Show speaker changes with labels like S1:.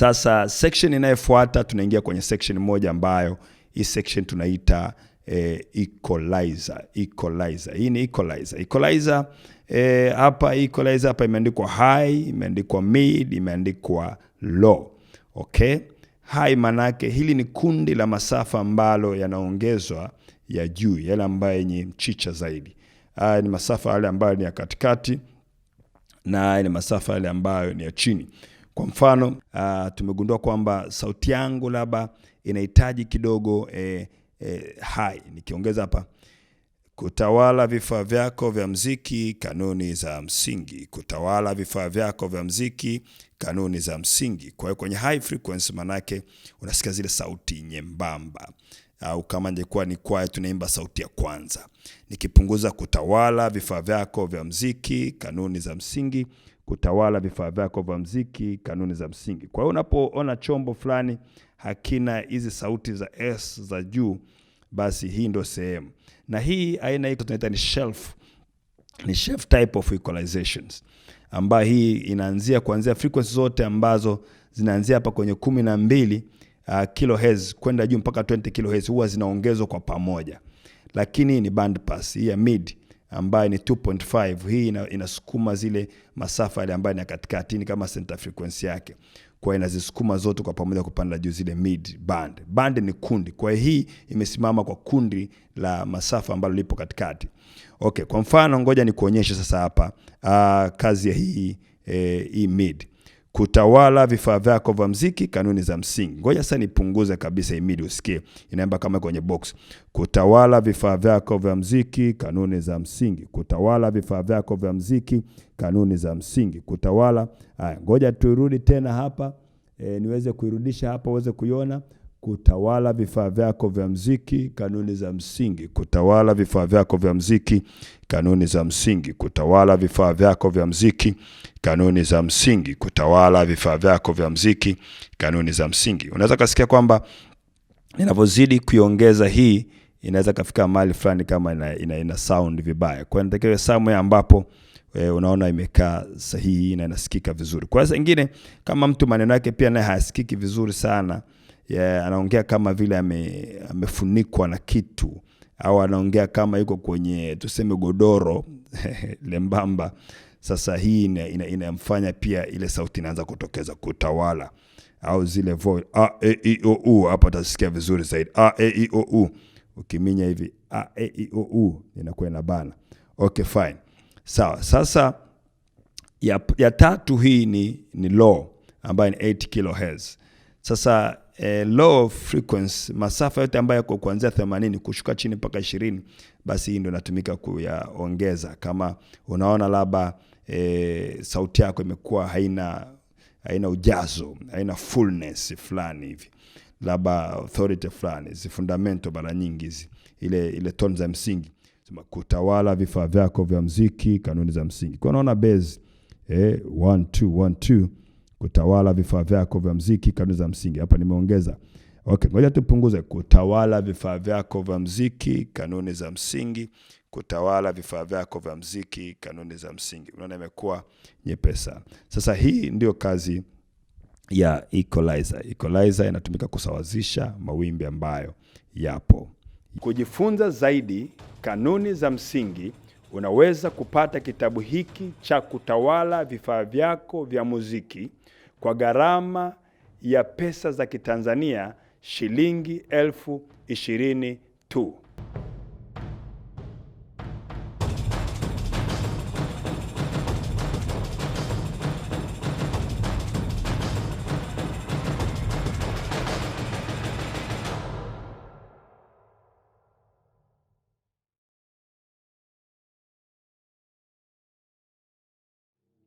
S1: Sasa section inayofuata tunaingia kwenye section moja ambayo hii section tunaita E, equalizer, equalizer. Hii ni equalizer. Equalizer e, hapa equalizer hapa imeandikwa high, imeandikwa mid, imeandikwa low. Okay? High manake hili ni kundi la masafa ambalo yanaongezwa ya juu, yale ambayo yenye mchicha zaidi. Haya ni masafa yale ambayo ni ya katikati na haya ni masafa yale ambayo ni ya chini. Kwa mfano uh, tumegundua kwamba sauti yangu labda inahitaji kidogo eh, eh, hai. Nikiongeza hapa kutawala vifaa vyako vya mziki, kanuni za msingi, kutawala vifaa vyako vya mziki, kanuni za msingi. Kwa hiyo kwenye high frequency, manake unasikia zile sauti nyembamba, au kama ingekuwa ni kwaya tunaimba sauti ya kwanza. Nikipunguza kutawala vifaa vyako vya mziki, kanuni za msingi, kutawala vifaa vyako vya mziki, kanuni za msingi. Kwa hiyo unapoona chombo fulani hakina hizi sauti za S za juu, basi hii ndio sehemu, na hii aina hii tunaita ni shelf, ni shelf type of equalizations, ambayo hii inaanzia kuanzia frequency zote ambazo zinaanzia hapa kwenye kumi na mbili uh, kilohertz kwenda juu mpaka 20 kilohertz huwa zinaongezwa kwa pamoja, lakini ni pass hii ya mid ambayo ni 2.5. Hii inasukuma zile masafa yale ambayo ni katikati, ni kama center frequency yake, kwa inazisukuma zote kwa pamoja kupanda juu, zile mid band. Band ni kundi, kwa hii imesimama kwa kundi la masafa ambalo lipo katikati. Okay, kwa mfano ngoja nikuonyeshe sasa hapa, uh, kazi ya hii, eh, hii mid kutawala vifaa vyako vya mziki, kanuni za msingi. Ngoja sasa nipunguze kabisa imidi usikie, inaimba kama kwenye box. Kutawala vifaa vyako vya mziki, kanuni za msingi. Kutawala vifaa vyako vya mziki, kanuni za msingi. Kutawala. Haya, ngoja turudi tena hapa e, niweze kuirudisha hapa uweze kuiona kutawala vifaa vyako vya mziki, kanuni za msingi, kutawala vifaa vyako vya mziki, kanuni za msingi, kutawala vifaa vyako vya mziki, kanuni za msingi, kutawala vifaa vyako vya mziki, kanuni za msingi. Unaweza kasikia kwamba ninavyozidi kuiongeza hii inaweza kafika mahali fulani kama ina, ina, ina sound vibaya, kwa natakiwa somewhere ambapo e, unaona imekaa sahihi na inasikika vizuri. Kwa sengine kama mtu maneno yake pia naye hayasikiki vizuri sana yeah, anaongea kama vile ame, amefunikwa na kitu au anaongea kama yuko kwenye tuseme godoro lembamba. Sasa hii inamfanya ina, ina pia ile sauti inaanza kutokeza kutawala, au zile voice a e i o u. hapa utasikia vizuri zaidi a e i o u. Ukiminya hivi a e i o u inakuwa bana. Okay, fine, sawa. Sasa ya, ya tatu hii ni, ni low ambayo ni 8 kilohertz. Sasa eh, low frequency, masafa yote ambayo yako kuanzia 80 kushuka chini mpaka 20, basi hii ndio inatumika kuyaongeza. Kama unaona labda eh, sauti yako imekuwa haina haina ujazo, haina fullness fulani hivi, labda authority fulani, zi fundamental mara nyingi hizi, ile ile tone za msingi sema kutawala vifaa vyako vya muziki, kanuni za msingi. Kwa unaona base eh, 1 2 1 2 kutawala vifaa vyako vya mziki, kanuni za msingi. Hapa nimeongeza okay, ngoja tupunguze. Kutawala vifaa vyako vya mziki, kanuni za msingi, kutawala vifaa vyako vya mziki, kanuni za msingi. Unaona imekuwa nyepesa. Sasa hii ndio kazi ya equalizer. Equalizer inatumika kusawazisha mawimbi ambayo yapo. Kujifunza zaidi kanuni za msingi Unaweza kupata kitabu hiki cha kutawala vifaa vyako vya muziki kwa gharama ya pesa za Kitanzania shilingi elfu ishirini tu.